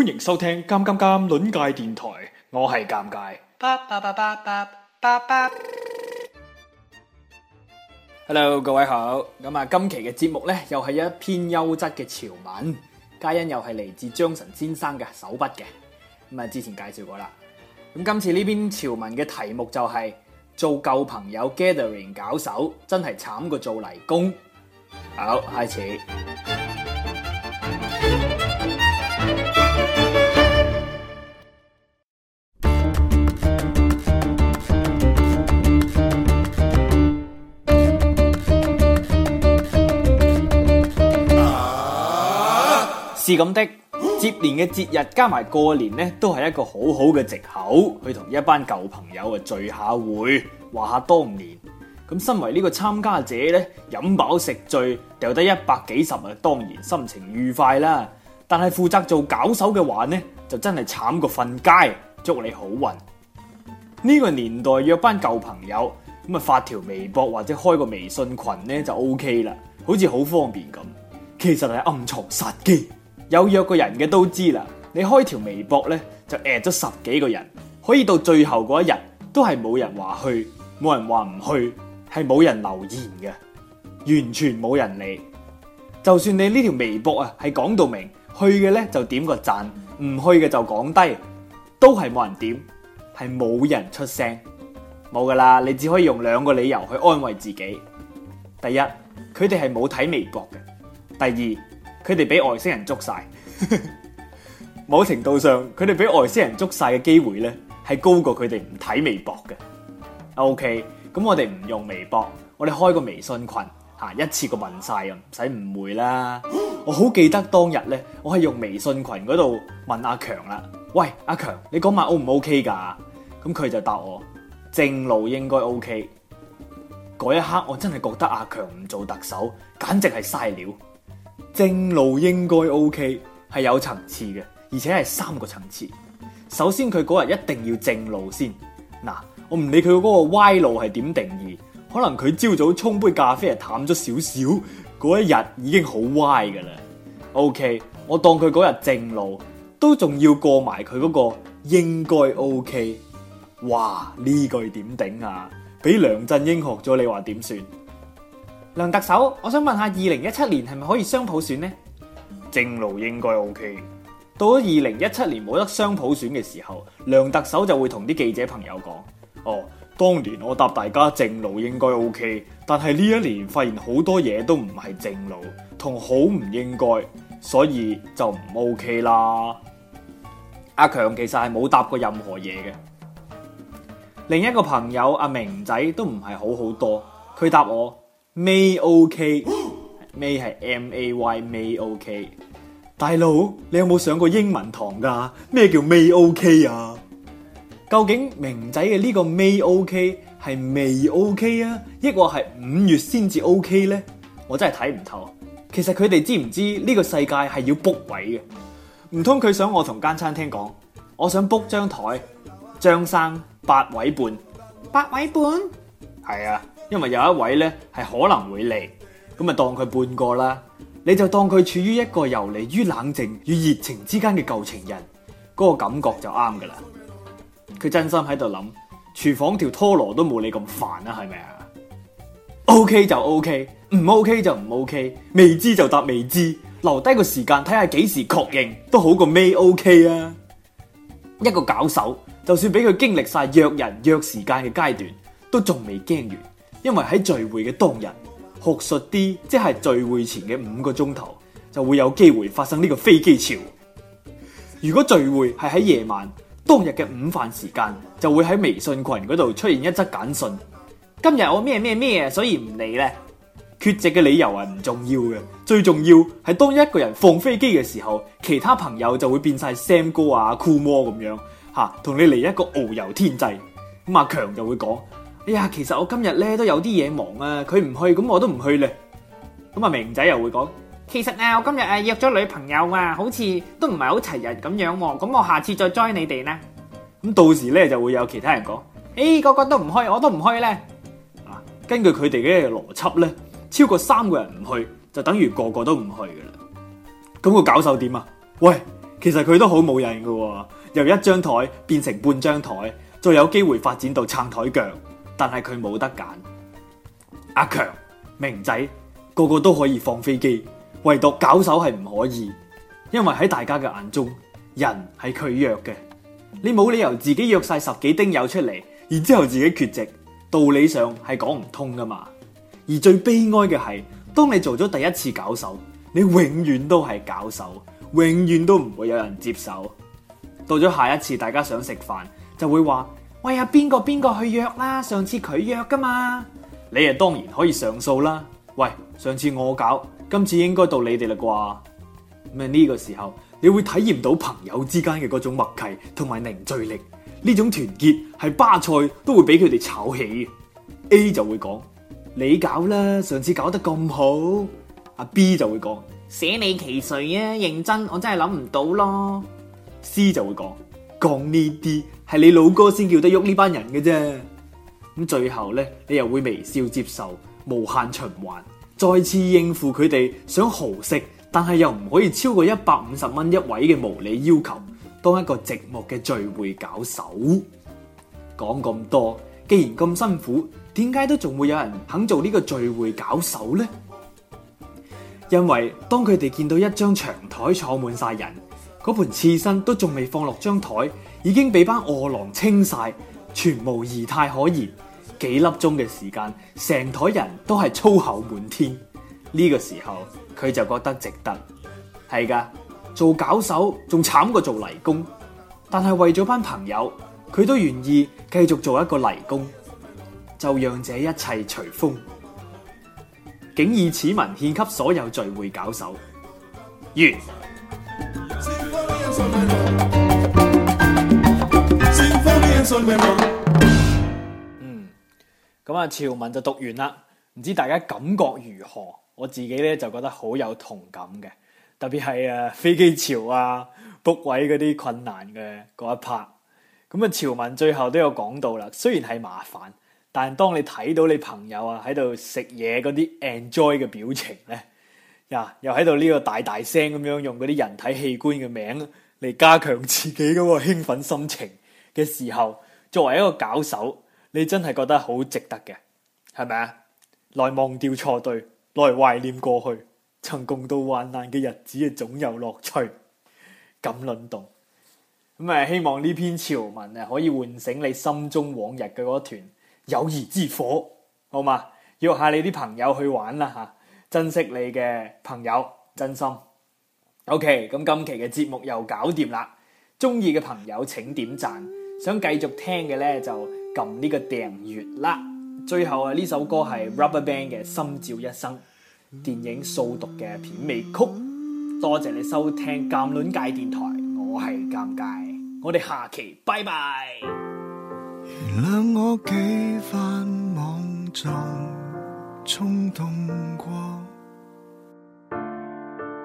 歡迎收聽《尷尷尷》尷界電台，我係尷尬。Hello，各位好，咁啊，今期嘅節目呢又係一篇優質嘅潮文，皆因又係嚟自張晨先生嘅手筆嘅，咁啊之前介紹過啦。咁今次呢篇潮文嘅題目就係、是、做舊朋友 gathering 搞手，真係慘過做泥工。好，開始。係咁嘅，接連嘅節日加埋過年呢，都係一個好好嘅借口去同一班舊朋友啊聚下會，話下當年。咁身為呢個參加者呢，飲飽食醉，掉得一百幾十啊，當然心情愉快啦。但係負責做搞手嘅話呢，就真係慘過瞓街。祝你好運。呢個年代約班舊朋友咁啊，發條微博或者開個微信群呢，就 O K 啦，好似好方便咁。其實係暗藏殺機。有約過人嘅都知啦，你開條微博呢，就 at 咗十幾個人，可以到最後嗰一日都係冇人話去，冇人話唔去，係冇人留言嘅，完全冇人理。就算你呢條微博啊係講到明，去嘅呢就點個讚，唔去嘅就講低，都係冇人點，係冇人出聲，冇噶啦。你只可以用兩個理由去安慰自己：第一，佢哋係冇睇微博嘅；第二。佢哋俾外星人捉晒， 某程度上佢哋俾外星人捉晒嘅機會呢，係高過佢哋唔睇微博嘅。O K，咁我哋唔用微博，我哋開個微信群，吓、啊、一次過問晒啊，唔使誤會啦。 我好記得當日呢，我係用微信群嗰度問阿強啦。喂，阿強，你嗰晚 O 唔 O K 噶？咁佢就答我正路應該 O K。嗰一刻我真係覺得阿強唔做特首，簡直係嘥料。正路應該 OK 係有層次嘅，而且係三個層次。首先佢嗰日一定要正路先。嗱，我唔理佢嗰個歪路係點定義，可能佢朝早沖杯咖啡係淡咗少少，嗰一日已經好歪㗎喇。OK，我當佢嗰日正路都仲要過埋佢嗰個應該 OK。哇，呢句點頂啊！俾梁振英學咗，你話點算？梁特首，我想問，二零一七年係咪可以雙普選呢？正路應該 OK。到咗二零一七年冇得雙普選嘅時候，梁特首就會同啲記者朋友講：，哦，當年我答大家正路應該 OK，但係呢一年發現好多嘢都唔係正路，同好唔應該，所以就唔 OK 啦。阿強其實係冇答過任何嘢嘅。另一個朋友阿明仔都唔係好好多，佢答我。May OK，May 係 M A Y May OK，大佬你有冇上過英文堂噶？咩叫 May OK 啊？究竟明仔嘅呢個 May OK 係未 OK 啊？抑或係五月先至 OK 呢？我真係睇唔透。其實佢哋知唔知呢個世界係要 book 位嘅？唔通佢想我同間餐廳講，我想 book 張台，張生八位半，八位半，係啊。因為有一位咧係可能會嚟，咁咪當佢半個啦，你就當佢處於一個遊離於冷靜與熱情之間嘅舊情人，嗰、那個感覺就啱噶啦。佢真心喺度諗，廚房條拖羅都冇你咁煩啦、啊，係咪啊？OK 就 OK，唔 OK 就唔 OK，未知就答未知，留低個時間睇下幾時確認都好過未 OK 啊！一個搞手，就算俾佢經歷晒約人約時間嘅階段，都仲未驚完。因為喺聚會嘅當日，學術啲，即係聚會前嘅五個鐘頭，就會有機會發生呢個飛機潮。如果聚會係喺夜晚，當日嘅午飯時間，就會喺微信群嗰度出現一則簡訊：今日我咩咩咩，所以唔理咧。缺席嘅理由係唔重要嘅，最重要係當一個人放飛機嘅時候，其他朋友就會變晒 sam 哥啊 cool 魔咁樣，吓同你嚟一個遨遊天際。阿、啊、強就會講。哎呀，其實我今日咧都有啲嘢忙啊，佢唔去咁我都唔去咧。咁阿明仔又會講，「其實啊，我今日啊約咗女朋友像不是很啊，好似都唔係好齊人咁樣喎。咁我下次再 join 你哋呢。」咁到時咧就會有其他人講，誒、哎、個個都唔去，我都唔去咧。根據佢哋嘅邏輯咧，超過三個人唔去就等於個個都唔去噶啦。咁、那個搞手點啊？喂，其實佢都好冇癮噶，由一張台變成半張台，再有機會發展到撐台腳。但係佢冇得揀，阿強、明仔個個都可以放飛機，唯獨搞手係唔可以，因為喺大家嘅眼中，人係佢弱嘅，你冇理由自己約晒十幾丁友出嚟，然之後自己缺席，道理上係講唔通噶嘛。而最悲哀嘅係，當你做咗第一次搞手，你永遠都係搞手，永遠都唔會有人接手。到咗下一次，大家想食飯就會話。喂呀，邊個邊個去約啦？上次佢約噶嘛，你啊，當然可以上訴啦。喂，上次我搞，今次應該到你哋啦啩？咁啊，呢個時候你會體驗到朋友之間嘅嗰種默契同埋凝聚力，呢種團結係巴塞都會俾佢哋炒起嘅。A 就會講，你搞啦，上次搞得咁好。阿 B 就會講，捨你其誰啊？認真，我真係諗唔到咯。C 就會講。講呢啲係你老哥先叫得喐呢班人嘅啫，咁最後呢，你又會微笑接受無限循環，再次應付佢哋想豪食但係又唔可以超過一百五十蚊一位嘅無理要求，當一個寂寞嘅聚會搞手。講咁多，既然咁辛苦，點解都仲會有人肯做呢個聚會搞手呢？因為當佢哋見到一張長台坐滿晒人。嗰盤刺身都仲未放落張台，已經俾班餓狼清晒，全無儀態可言。幾粒鐘嘅時間，成台人都係粗口滿天。呢、這個時候，佢就覺得值得。係噶，做搞手仲慘過做泥工，但係為咗班朋友，佢都願意繼續做一個泥工。就讓這一切隨風。謹以此文獻給所有聚會搞手。完。嗯，咁啊，潮文就讀完啦。唔知大家感覺如何？我自己咧就覺得好有同感嘅，特別係誒飛機潮啊，book 位嗰啲困難嘅嗰一 part。咁啊，潮文最後都有講到啦。雖然係麻煩，但係當你睇到你朋友啊喺度食嘢嗰啲 enjoy 嘅表情咧，嗱，又喺度呢個大大聲咁樣用嗰啲人體器官嘅名。嚟加強自己嘅興奮心情嘅時候，作為一個搞手，你真係覺得好值得嘅，係咪啊？來忘掉錯對，來懷念過去曾共度患難嘅日子啊，總有樂趣。咁論動，咁啊希望呢篇潮文啊可以喚醒你心中往日嘅嗰團友誼之火，好嘛？約下你啲朋友去玩啦嚇，珍惜你嘅朋友，真心。OK，咁今期嘅節目又搞掂啦！中意嘅朋友請點讚，想繼續聽嘅咧就撳呢個訂閱啦。最後啊，呢首歌係 Rubberband 嘅《心照一生》，電影《掃毒》嘅片尾曲。多謝你收聽《鑑論界電台》，我尷尬，我係鑑界，我哋下期拜拜。原諒我幾番莽撞衝動過。